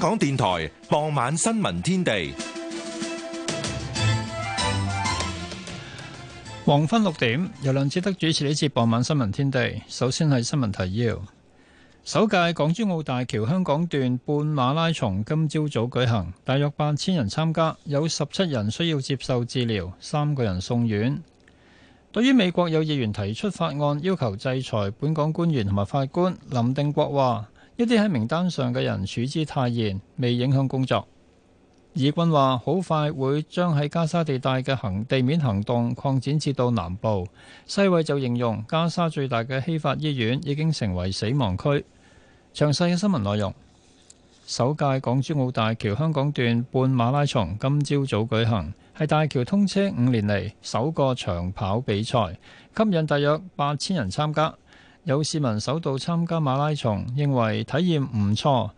香港電台傍晚新聞天地，黃昏六點由梁志德主持呢次傍晚新聞天地。首先係新聞提要：首屆港珠澳大橋香港段半馬拉松今朝早舉行，大約八千人參加，有十七人需要接受治療，三個人送院。對於美國有議員提出法案要求制裁本港官員同埋法官，林定國話。一啲喺名單上嘅人處之泰然，未影響工作。以軍話好快會將喺加沙地帶嘅行地面行動擴展至到南部。世衛就形容加沙最大嘅希法醫院已經成為死亡區。詳細嘅新聞內容，首屆港珠澳大橋香港段半馬拉松今朝早、早舉行，係大橋通車五年嚟，首個長跑比賽，吸引大約八千人參加。有市民首度參加馬拉松，認為體驗唔錯，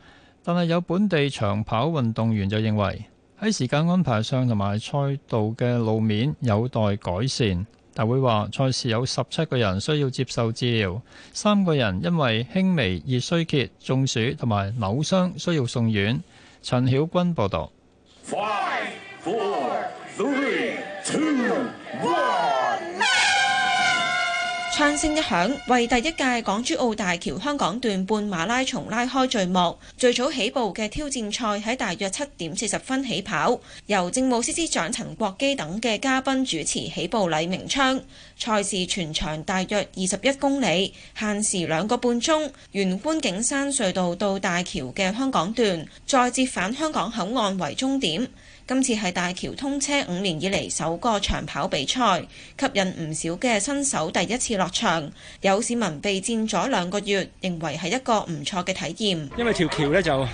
但係有本地長跑運動員就認為喺時間安排上同埋賽道嘅路面有待改善。大會話賽事有十七個人需要接受治療，三個人因為輕微熱衰竭、中暑同埋扭傷需要送院。陳曉君報導。Five, four, three, two. 山聲一響，為第一屆港珠澳大橋香港段半馬拉松拉開序幕。最早起步嘅挑戰賽喺大約七點四十分起跑，由政務司司長陳國基等嘅嘉賓主持起步禮鳴槍。賽事全長大約二十一公里，限時兩個半鐘。沿觀景山隧道到大橋嘅香港段，再折返香港口岸為終點。今次係大橋通車五年以嚟，首個長跑比賽，吸引唔少嘅新手第一次落場。有市民備戰咗兩個月，認為係一個唔錯嘅體驗。因為條橋咧就。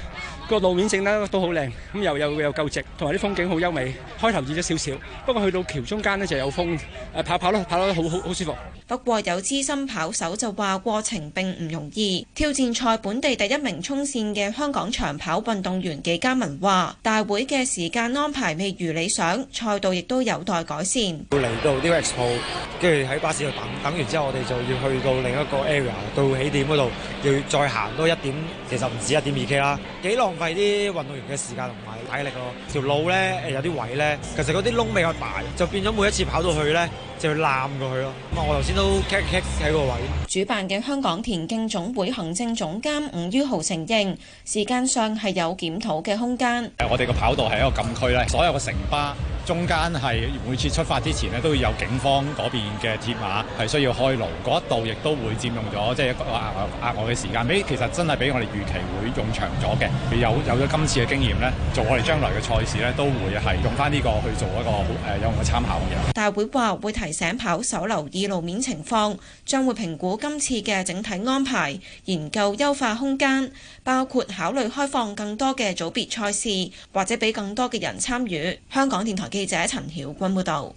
個路面整得都好靚，咁又，又又又夠直，同埋啲風景好優美。開頭熱咗少少，不過去到橋中間呢就有風，跑跑囉，跑得好好好舒服。不過有資深跑手就話過程並唔容易。挑戰賽本地第一名衝線嘅香港長跑運動員紀嘉文話，大會嘅時間安排未如理想，賽道亦都有待改善。要嚟到 Expo 跟住喺巴士度等等完之後，我哋就要去到另一個 area 到起點嗰度，要再行多一點，其實唔止一點二 K 啦，記錄浪費啲運動員嘅時間。體力咯，條路咧有啲位咧，其實嗰啲窿比較大，就變咗每一次跑到去咧就要攬過去咯。咁啊，我頭先都 kick kick 喺個位。主辦嘅香港田徑總會行政總監吳于豪承認，時間上係有檢討嘅空間。我哋個跑道係一個禁區咧，所有嘅城巴中間係每次出發之前咧都會有警方嗰邊嘅鐵馬係需要開路，嗰一度亦都會佔用咗即係一個額外嘅時間。比其實真係比我哋預期會用長咗嘅。有有咗今次嘅經驗咧，做。我哋將來嘅賽事咧，都會係用翻呢個去做一個好有用嘅參考嘅。大會話會提醒跑手留意路面情況，將會評估今次嘅整體安排，研究優化空間，包括考慮開放更多嘅組別賽事，或者俾更多嘅人參與。香港電台記者陳曉君報道。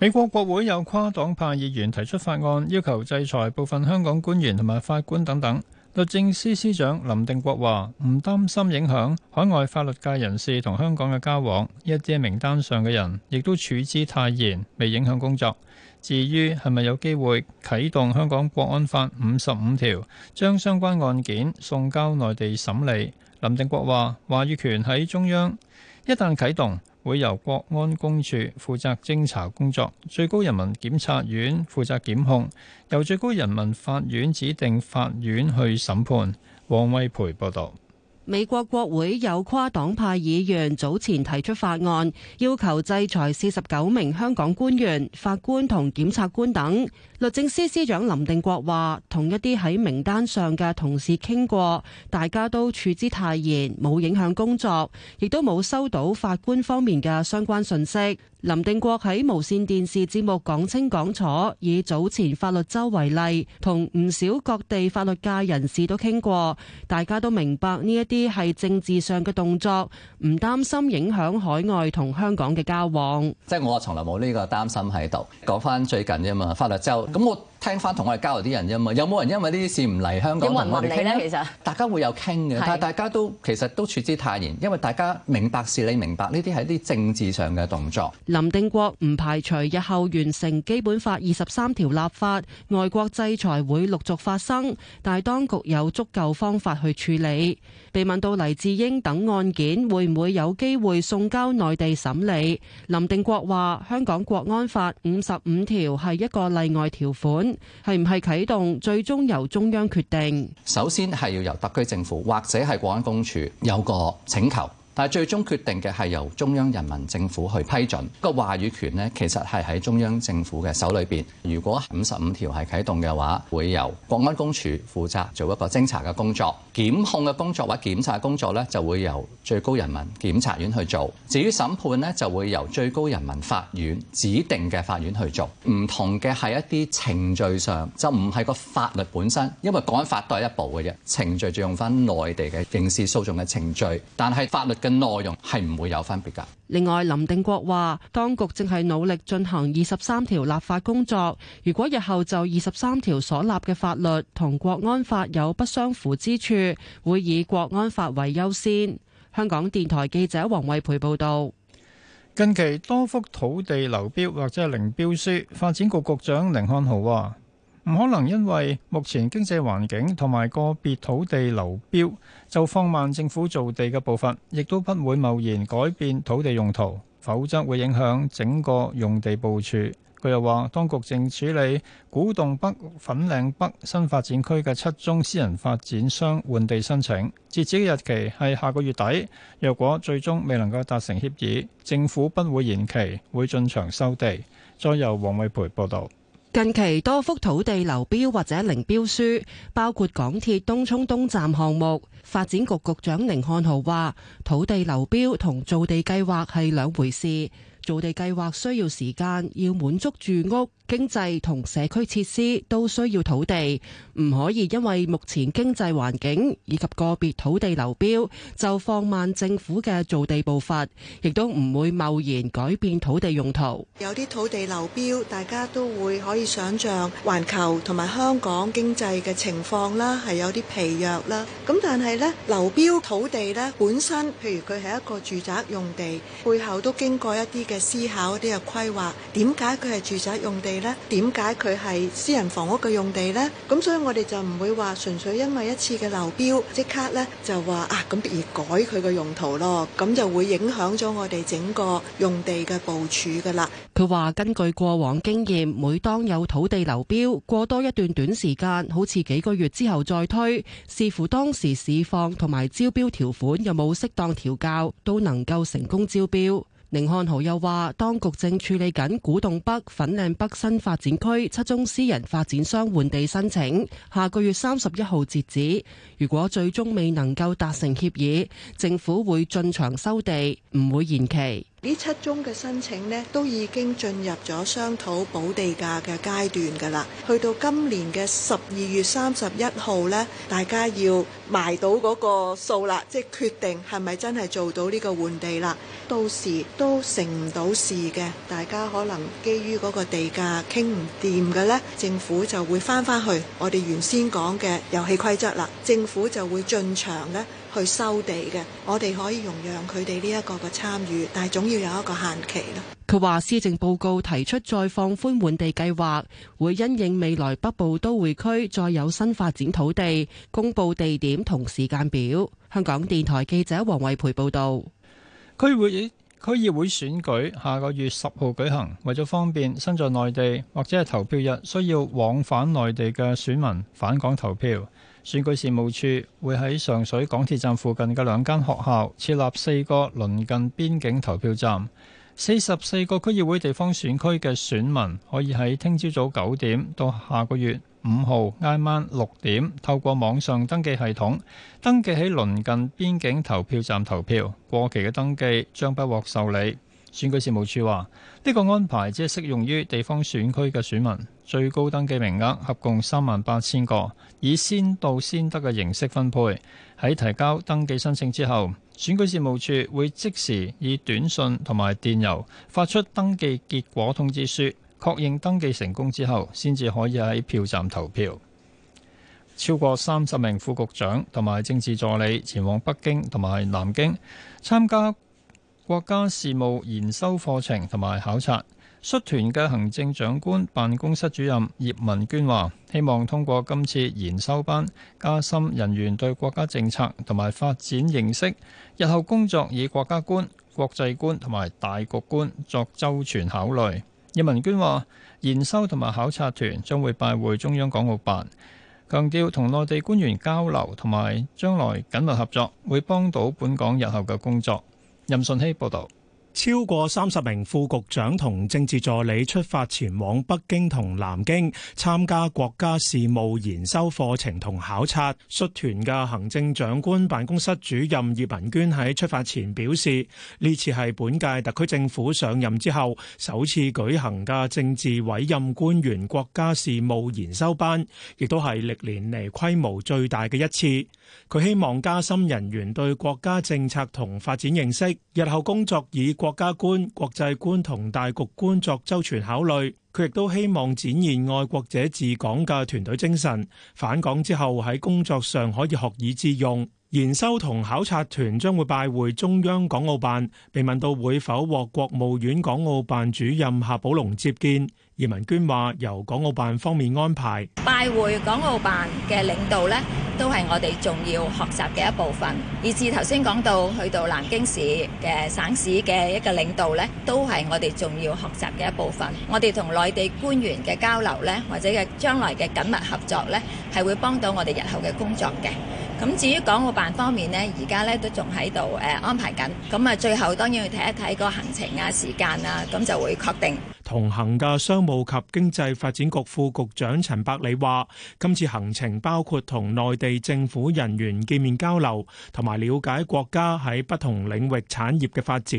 美國國會有跨黨派議員提出法案，要求制裁部分香港官員同埋法官等等。律政司司長林定國話：唔擔心影響海外法律界人士同香港嘅交往，一啲名單上嘅人亦都處之泰然，未影響工作。至於係咪有機會啟動香港國安法五十五條，將相關案件送交內地審理？林定國話：話語權喺中央，一旦啟動。會由國安公署負責偵查工作，最高人民檢察院負責檢控，由最高人民法院指定法院去審判。王偉培報道。美國國會有跨黨派議員早前提出法案，要求制裁四十九名香港官員、法官同檢察官等。律政司司長林定國話，同一啲喺名單上嘅同事傾過，大家都處之泰然，冇影響工作，亦都冇收到法官方面嘅相關信息。林定國喺無綫電視節目講清講楚，以早前法律周為例，同唔少各地法律界人士都傾過，大家都明白呢一啲係政治上嘅動作，唔擔心影響海外同香港嘅交往。即係我從來冇呢個擔心喺度。講翻最近啫嘛，法律周咁我，聽翻同我哋交流啲人啫嘛，有冇人因為呢啲事唔嚟香港同我哋傾咧？其實大家會有傾嘅，但係大家都其實都處之泰然，因為大家明白事理，明白呢啲係啲政治上嘅動作。林定國唔排除日後完成基本法二十三條立法，外國制裁會陸續發生，但係當局有足夠方法去處理。被問到黎智英等案件會唔會有機會送交內地審理，林定國話：香港國安法五十五條係一個例外條款。係唔係啟動，最終由中央決定。首先係要由特區政府或者係國安公署有個請求。但係最終決定嘅係由中央人民政府去批准，個話語權呢，其實係喺中央政府嘅手裏邊。如果五十五條係啟動嘅話，會由國安公署負責做一個偵查嘅工作，檢控嘅工作或檢查工作呢，就會由最高人民檢察院去做。至於審判呢，就會由最高人民法院指定嘅法院去做。唔同嘅係一啲程序上，就唔係個法律本身，因為《國安法》都係一部嘅啫，程序就用翻內地嘅刑事訴訟嘅程序，但係法律嘅。內容係唔會有分別㗎。另外，林定國話，當局正係努力進行二十三條立法工作。如果日後就二十三條所立嘅法律同國安法有不相符之處，會以國安法為優先。香港電台記者黃惠培報道。近期多幅土地流標或者係零標書，發展局局長甯漢豪話。唔可能因為目前經濟環境同埋個別土地流標就放慢政府造地嘅步伐，亦都不會貿然改變土地用途，否則會影響整個用地部署。佢又話當局正處理古洞北、粉嶺北新發展區嘅七宗私人發展商換地申請截止嘅日期係下個月底。若果最終未能夠達成協議，政府不會延期，會進場收地。再由黃偉培報道。近期多幅土地流標或者零標書，包括港鐵東涌東站項目。發展局局長寧漢豪話：土地流標同造地計劃係兩回事。造地計劃需要時間，要滿足住屋、經濟同社區設施都需要土地，唔可以因為目前經濟環境以及個別土地流標就放慢政府嘅造地步伐，亦都唔會貿然改變土地用途。有啲土地流標，大家都會可以想象，環球同埋香港經濟嘅情況啦，係有啲疲弱啦。咁但係咧，流標土地咧本身，譬如佢係一個住宅用地，背後都經過一啲嘅。思考啲嘅規劃，點解佢係住宅用地咧？點解佢係私人房屋嘅用地咧？咁所以我哋就唔會話純粹因為一次嘅流標即刻咧就話啊咁而改佢嘅用途咯，咁就會影響咗我哋整個用地嘅部署噶啦。佢話根據過往經驗，每當有土地流標過多一段短時間，好似幾個月之後再推，視乎當時市況同埋招標條款有冇適當調校，都能夠成功招標。寧漢豪又話，當局正處理緊古洞北、粉嶺北新發展區七宗私人發展商換地申請，下個月三十一號截止。如果最終未能夠達成協議，政府會進場收地，唔會延期。呢七宗嘅申請呢，都已經進入咗商討補地價嘅階段㗎啦。去到今年嘅十二月三十一號呢，大家要埋到嗰個數啦，即係決定係咪真係做到呢個換地啦？到時都成唔到事嘅，大家可能基於嗰個地價傾唔掂嘅呢，政府就會翻返去我哋原先講嘅遊戲規則啦。政府就會進場呢，去收地嘅，我哋可以容讓佢哋呢一個嘅參與，但係總要有一個限期。佢話施政報告提出再放寬換地計劃，會因應未來北部都會區再有新發展土地，公布地點同時間表。香港電台記者黃慧培報道。區會區議會選舉下個月十號舉行，為咗方便身在內地或者係投票日需要往返內地嘅選民返港投票。選舉事務處會喺上水港鐵站附近嘅兩間學校設立四個鄰近邊境投票站，四十四個區議會地方選區嘅選民可以喺聽朝早九點到下個月五號挨晚六點，透過網上登記系統登記喺鄰近邊境投票站投票。過期嘅登記將不獲受理。選舉事務處話：呢個安排只係適用於地方選區嘅選民，最高登記名額合共三萬八千個，以先到先得嘅形式分配。喺提交登記申請之後，選舉事務處會即時以短信同埋電郵發出登記結果通知書，確認登記成功之後，先至可以喺票站投票。超過三十名副局長同埋政治助理前往北京同埋南京參加。國家事務研修課程同埋考察率團嘅行政長官辦公室主任葉文娟話，希望通過今次研修班加深人員對國家政策同埋發展認識，日後工作以國家觀、國際觀同埋大局觀作周全考慮。葉文娟話，研修同埋考察團將會拜會中央港澳辦，強調同內地官員交流同埋將來緊密合作，會幫到本港日後嘅工作。任順熙報道，超過三十名副局長同政治助理出發前往北京同南京，參加國家事務研修課程同考察。率團嘅行政長官辦公室主任葉文娟喺出發前表示，呢次係本屆特區政府上任之後首次舉行嘅政治委任官員國家事務研修班，亦都係歷年嚟規模最大嘅一次。佢希望加深人員對國家政策同發展認識，日後工作以國家觀、國際觀同大局觀作周全考慮。佢亦都希望展現愛國者治港嘅團隊精神。返港之後喺工作上可以學以致用。研修同考察團將會拜會中央港澳辦。被問到會否獲國務院港澳辦主任夏寶龍接見。葉文娟話：由港澳辦方面安排，拜會港澳辦嘅領導呢，都係我哋重要學習嘅一部分。以至頭先講到，去到南京市嘅省市嘅一個領導呢，都係我哋重要學習嘅一部分。我哋同內地官員嘅交流呢，或者嘅將來嘅緊密合作呢，係會幫到我哋日後嘅工作嘅。咁至於港澳辦方面呢，而家呢都仲喺度誒安排緊。咁啊，最後當然要睇一睇個行程啊、時間啊，咁就會確定。同行嘅商務及經濟發展局副、副局長陳百里話，今次行程包括同內地政府人員見面交流，同埋了解國家喺不同領域產業嘅發展。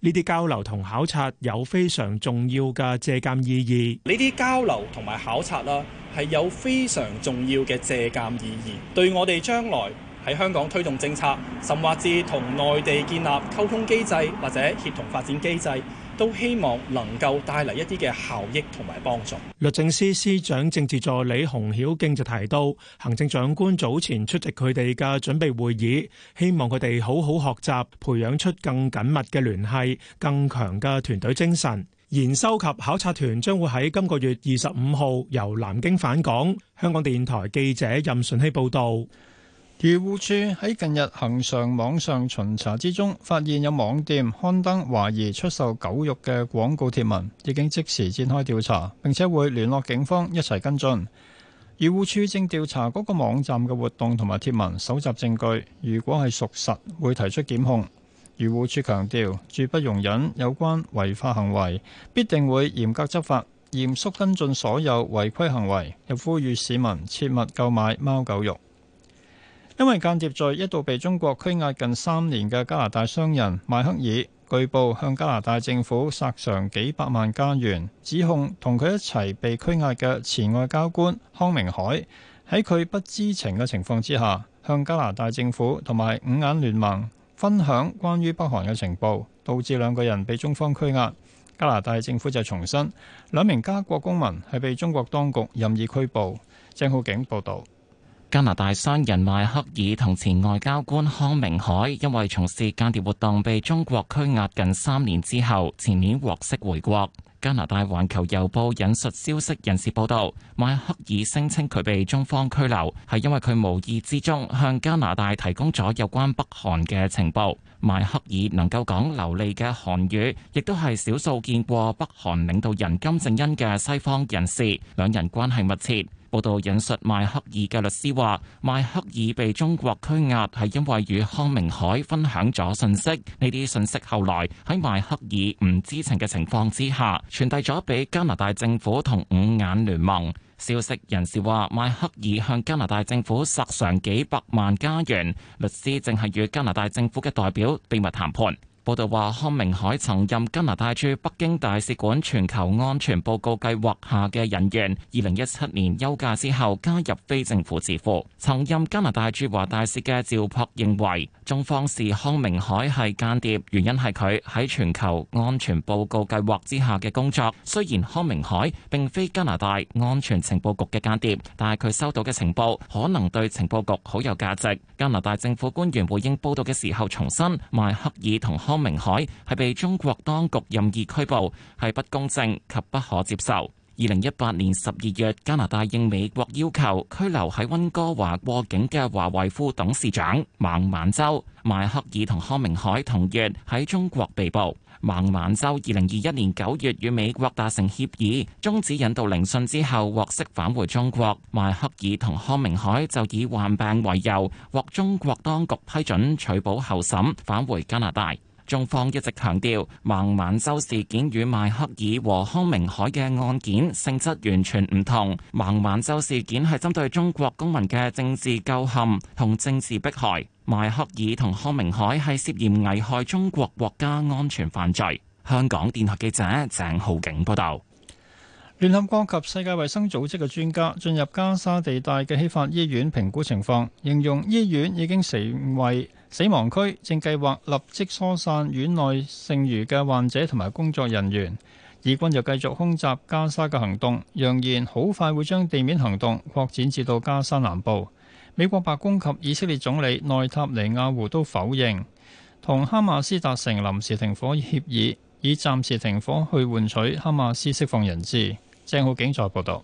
呢啲交流同考察有非常重要嘅借鑑意義。呢啲交流同埋考察啦，係有非常重要嘅借鑑意義，對我哋將來喺香港推動政策，甚至同內地建立溝通機制或者協同發展機制。都希望能夠帶嚟一啲嘅效益同埋幫助。律政司司長政治助理洪曉敬就提到，行政長官早前出席佢哋嘅準備會議，希望佢哋好好學習，培養出更緊密嘅聯繫，更強嘅團隊精神。研修及考察團將會喺今個月二十五號由南京返港。香港電台記者任順希報道。漁護處喺近日恒常網上巡查之中，發現有網店刊登懷疑出售狗肉嘅廣告貼文，已經即時展開調查，並且會聯絡警方一齊跟進。漁護處正調查嗰個網站嘅活動同埋貼文，搜集證據。如果係屬實，會提出檢控。漁護處強調，絕不容忍有關違法行為，必定會嚴格執法，嚴肅跟進所有違規行為，又呼籲市民切勿購買貓狗肉。因為間諜罪一度被中國拘押近三年嘅加拿大商人邁克爾，據報向加拿大政府索償幾百萬加元，指控同佢一齊被拘押嘅前外交官康明凱喺佢不知情嘅情況之下，向加拿大政府同埋五眼聯盟分享關於北韓嘅情報，導致兩個人被中方拘押。加拿大政府就重申，兩名加國公民係被中國當局任意拘捕。鄭浩景報道。加拿大商人邁克爾同前外交官康明凱，因為從事間諜活動被中國拘押近三年之後，前年獲釋回國。加拿大環球郵報引述消息人士報道，邁克爾聲稱佢被中方拘留，係因為佢無意之中向加拿大提供咗有關北韓嘅情報。邁克爾能夠講流利嘅韓語，亦都係少數見過北韓領導人金正恩嘅西方人士，兩人關係密切。報道引述邁克爾嘅律師話：邁克爾被中國拘押係因為與康明凱分享咗信息，呢啲信息後來喺邁克爾唔知情嘅情況之下，傳遞咗俾加拿大政府同五眼聯盟。消息人士話，邁克爾向加拿大政府索償幾百萬加元，律師正係與加拿大政府嘅代表秘密談判。報道話，康明凱曾任加拿大駐北京大使館全球安全報告計劃下嘅人員。二零一七年休假之後加入非政府智庫。曾任加拿大駐華大使嘅趙樸認為，中方視康明凱係間諜，原因係佢喺全球安全報告計劃之下嘅工作。雖然康明凱並非加拿大安全情報局嘅間諜，但係佢收到嘅情報可能對情報局好有價值。加拿大政府官員回應報道嘅時候重申，邁克爾同康。康明凱係被中國當局任意拘捕，係不公正及不可接受。二零一八年十二月，加拿大應美國要求，拘留喺温哥華過境嘅華為副董事長孟晚舟。邁克爾同康明凱同月喺中國被捕。孟晚舟二零二一年九月與美國達成協議，終止引渡聆訊之後，獲釋返回中國。邁克爾同康明凱就以患病為由，獲中國當局批准取保候審，返回加拿大。中方一直強調，孟晚舟事件與邁克爾和康明凱嘅案件性質完全唔同。孟晚舟事件係針對中國公民嘅政治構陷同政治迫害，邁克爾同康明凱係涉嫌危害中國國家安全犯罪。香港電台記者鄭浩景報道。聯合國及世界衛生組織嘅專家進入加沙地帶嘅希法醫院評估情況，形容醫院已經成為死亡區正計劃立即疏散院內剩餘嘅患者同埋工作人員。以軍就繼續空襲加沙嘅行動，揚言好快會將地面行動擴展至到加沙南部。美國白宮及以色列總理內塔尼亞胡都否認同哈馬斯達成臨時停火協議，以暫時停火去換取哈馬斯釋放人質。鄭浩景再報道。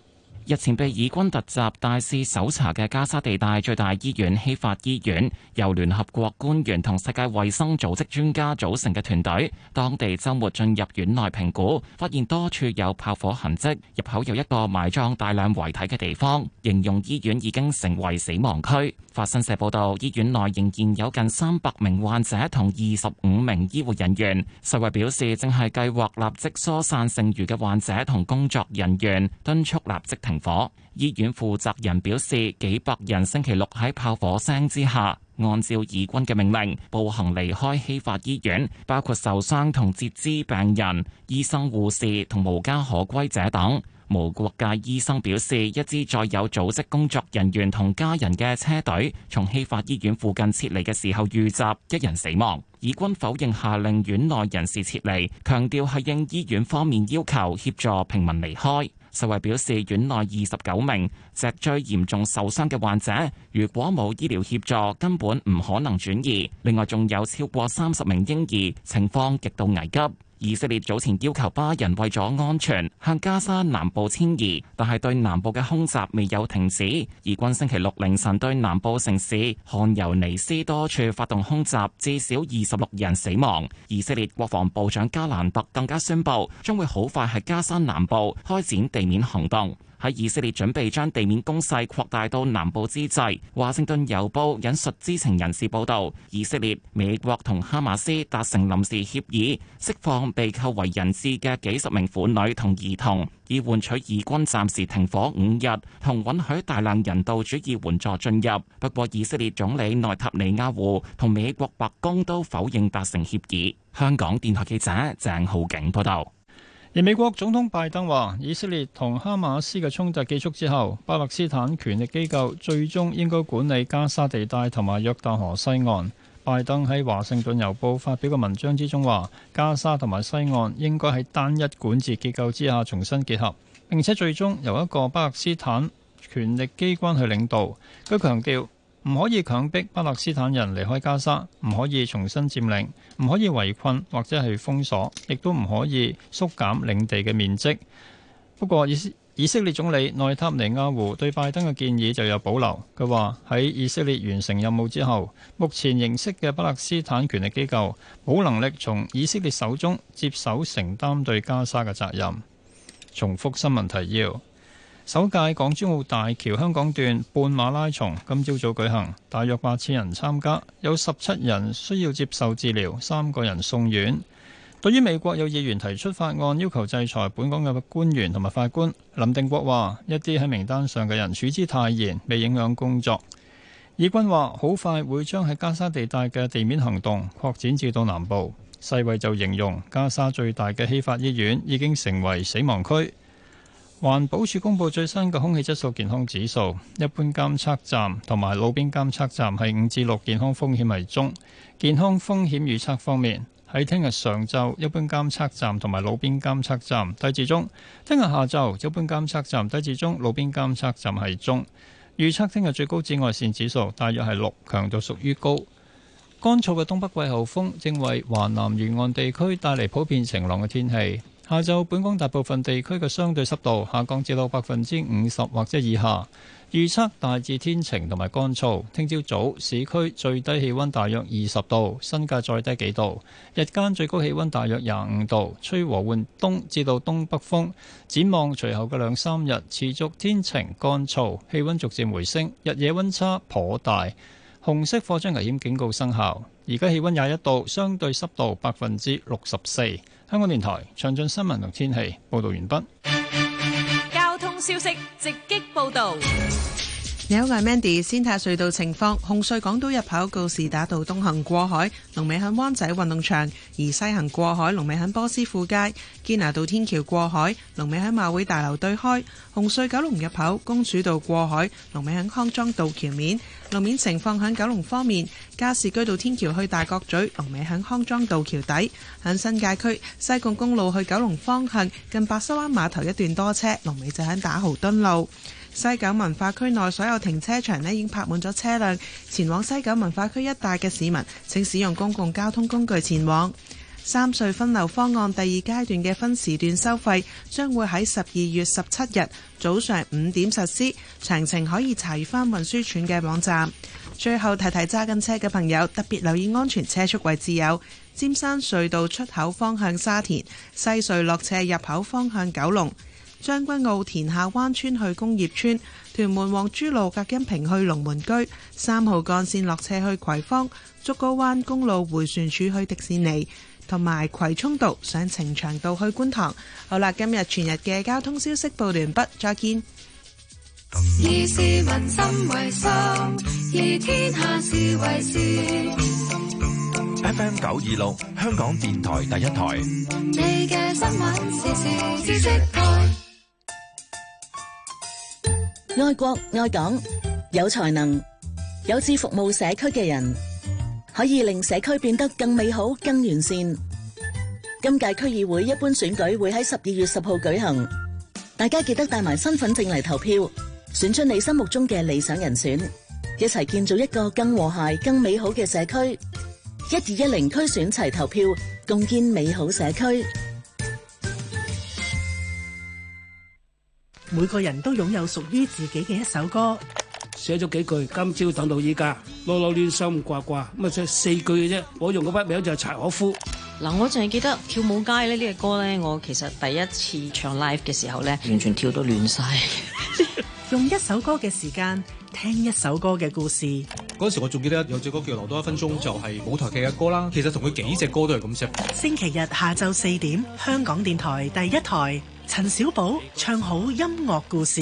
日前被以軍突襲大肆搜查嘅加沙地帶最大醫院希法醫院，由聯合國官員同世界衛生組織專家組成嘅團隊，當地周末進入院內評估，發現多處有炮火痕跡，入口有一個埋葬大量遺體嘅地方，形容醫院已經成為死亡區。法新社報道，醫院內仍然有近三百名患者同二十五名醫護人員。世衛表示，正係計劃立即疏散剩餘嘅患者同工作人員，敦促立即停火。醫院負責人表示，幾百人星期六喺炮火聲之下，按照以軍嘅命令，步行離開希法醫院，包括受傷同截肢病人、醫生、護士同無家可歸者等。無國界醫生表示，一支載有組織工作人員同家人嘅車隊從希法醫院附近撤離嘅時候預，遇襲，一人死亡。以軍否認下令院內人士撤離，強調係應醫院方面要求協助平民離開。世衛表示，院內二十九名脊椎嚴重受傷嘅患者，如果冇醫療協助，根本唔可能轉移。另外，仲有超過三十名嬰兒情況極度危急。以色列早前要求巴人為咗安全向加沙南部遷移，但係對南部嘅空襲未有停止。而今星期六凌晨對南部城市汗尤尼斯多處發動空襲，至少二十六人死亡。以色列國防部長加蘭特更加宣布，將會好快喺加沙南部開展地面行動。喺以色列準備將地面攻勢擴大到南部之際，華盛頓郵報引述知情人士報道，以色列、美國同哈馬斯達成臨時協議，釋放被扣為人質嘅幾十名婦女同兒童，以換取以軍暫時停火五日同允許大量人道主義援助進入。不過，以色列總理內塔尼亞胡同美國白宮都否認達成協議。香港電台記者鄭浩景報道。而美國總統拜登話以色列同哈馬斯嘅衝突結束之後，巴勒斯坦權力機構最終應該管理加沙地帶同埋約旦河西岸。拜登喺華盛頓郵報發表嘅文章之中話，加沙同埋西岸應該喺單一管治機構之下重新結合，並且最終由一個巴勒斯坦權力機關去領導，佢強調。唔可以強迫巴勒斯坦人離開加沙，唔可以重新佔領，唔可以圍困或者係封鎖，亦都唔可以縮減領地嘅面積。不過，以色列總理內塔尼亞胡對拜登嘅建議就有保留。佢話喺以色列完成任務之後，目前形式嘅巴勒斯坦權力機構冇能力從以色列手中接手承擔對加沙嘅責任。重複新聞提要。首屆港珠澳大橋香港段半馬拉松今朝早舉行，大約八千人參加，有十七人需要接受治療，三個人送院。對於美國有議員提出法案要求制裁本港嘅官員同埋法官，林定國話一啲喺名單上嘅人處之泰然，未影響工作。以軍話好快會將喺加沙地帶嘅地面行動擴展至到南部。世衛就形容加沙最大嘅希法醫院已經成為死亡區。環保署公布最新嘅空氣質素健康指數，一般監測站同埋路邊監測站係五至六，健康風險係中。健康風險預測方面，喺聽日上晝，一般監測站同埋路邊監測站低至中；聽日下晝，一般監測站低至中，路邊監測站係中。預測聽日最高紫外線指數大約係六，強度屬於高。乾燥嘅東北季候風正為華南沿岸地區帶嚟普遍晴朗嘅天氣。下晝本港大部分地區嘅相對濕度下降至到百分之五十或者以下，預測大致天晴同埋乾燥。聽朝早市區最低氣溫大約二十度，新界再低幾度。日間最高氣溫大約廿五度，吹和緩東至到東北風。展望隨後嘅兩三日持續天晴乾燥，氣溫逐漸回升，日夜溫差頗大。紅色火災危險警告生效，而家氣溫廿一度，相對濕度百分之六十四。香港電台詳盡新聞同天氣報道完畢。交通消息直擊報道。你好，我係 Mandy。先睇隧道情況，紅隧港島入口告士打道東行過海，龍尾喺灣仔運動場；而西行過海，龍尾喺波斯富街。堅拿道天橋過海，龍尾喺馬會大樓對開。紅隧九龍入口公主道過海，龍尾喺康莊道橋面。路面情況喺九龍方面，加士居道天橋去大角咀，龍尾喺康莊道橋底。喺新界區，西貢公路去九龍方向近白沙灣碼頭一段多車，龍尾就喺打豪敦路。西九文化區內所有停車場呢已經泊滿咗車輛，前往西九文化區一帶嘅市民請使用公共交通工具前往。三隧分流方案第二階段嘅分時段收費將會喺十二月十七日早上五點實施，詳情可以查閲翻運輸署嘅網站。最後提提揸緊車嘅朋友，特別留意安全車速位置有尖山隧道出口方向沙田、西隧落斜入口方向九龍。將軍澳田下灣村去工業村，屯門往珠路隔音屏去龍門居，三號幹線落車去葵芳，竹篙灣公路回旋處去迪士尼，同埋葵涌道上呈祥道去觀塘。好啦，今日全日嘅交通消息報完畢，再見。以市民心為心，以天下事為事。FM 九二六，香港電台第一台。你嘅新聞時時知識台。愛國愛港，有才能、有志服務社區嘅人，可以令社區變得更美好、更完善。今屆區議會一般選舉會喺十二月十號舉行，大家記得帶埋身份證嚟投票，選出你心目中嘅理想人選，一齊建造一個更和諧、更美好嘅社區。一二一零區選齊投票，共建美好社區。每個人都擁有屬於自己嘅一首歌，寫咗幾句，今朝等到依家，囉囉攣心掛掛，咁啊，就四句嘅啫。我用嘅筆名就係柴可夫。嗱，我淨係記得跳舞街呢呢隻歌咧，我其實第一次唱 live 嘅時候咧，完全跳到亂晒。用一首歌嘅時間，聽一首歌嘅故事。嗰時我仲記得有隻歌叫《留多一分鐘》，就係舞台劇嘅歌啦。其實同佢幾隻歌都係咁 set。星期日下晝四點，香港電台第一台。陳小寶唱好音樂故事。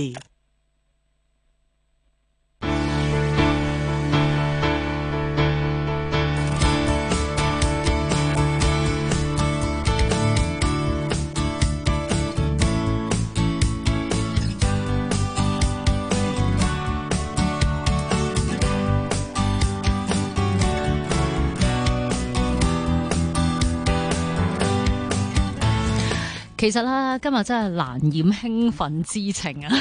其實啦，今日真係難掩興奮之情啊！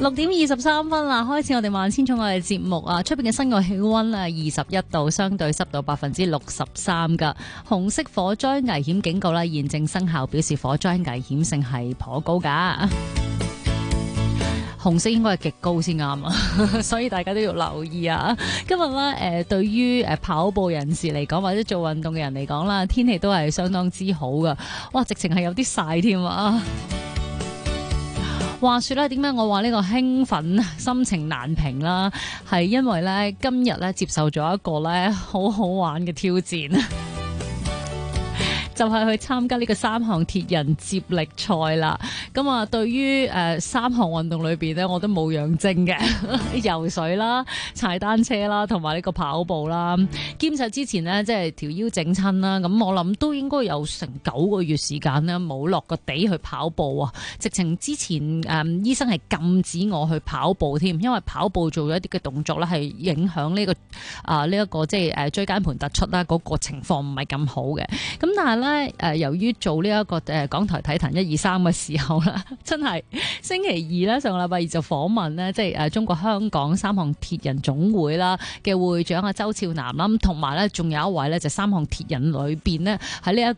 六點二十三分啦，開始我哋萬千寵愛嘅節目啊！出邊嘅室外氣溫二十一度，相對濕度百分之六十三噶。紅色火災危險警告咧現正生效，表示火災危險性係頗高噶。紅色應該係極高先啱啊，所以大家都要留意啊！今日咧，誒對於誒跑步人士嚟講，或者做運動嘅人嚟講啦，天氣都係相當之好㗎，哇！直情係有啲晒添啊！話説咧，點解我話呢個興奮、心情難平啦？係因為咧，今日咧接受咗一個咧好好玩嘅挑戰。就係、是、去參加呢個三項鐵人接力賽啦。咁啊，對於誒、呃、三項運動裏邊咧，我都冇養精嘅， 游水啦、踩單車啦，同埋呢個跑步啦。兼且之前咧，即係條腰整親啦。咁我諗都應該有成九個月時間咧冇落個地去跑步啊。直情之前誒、呃、醫生係禁止我去跑步添，因為跑步做咗一啲嘅動作咧、這個，係影響呢個啊呢一個即係誒椎間盤突出啦嗰個情況唔係咁好嘅。咁但係咧。咧誒，由於做呢一個誒港台體壇一二三嘅時候啦，真係星期二咧，上個禮拜二就訪問咧，即係誒中國香港三項鐵人總會啦嘅會長啊周少南啦，咁同埋咧仲有一位咧，就三項鐵人裏邊咧喺呢一。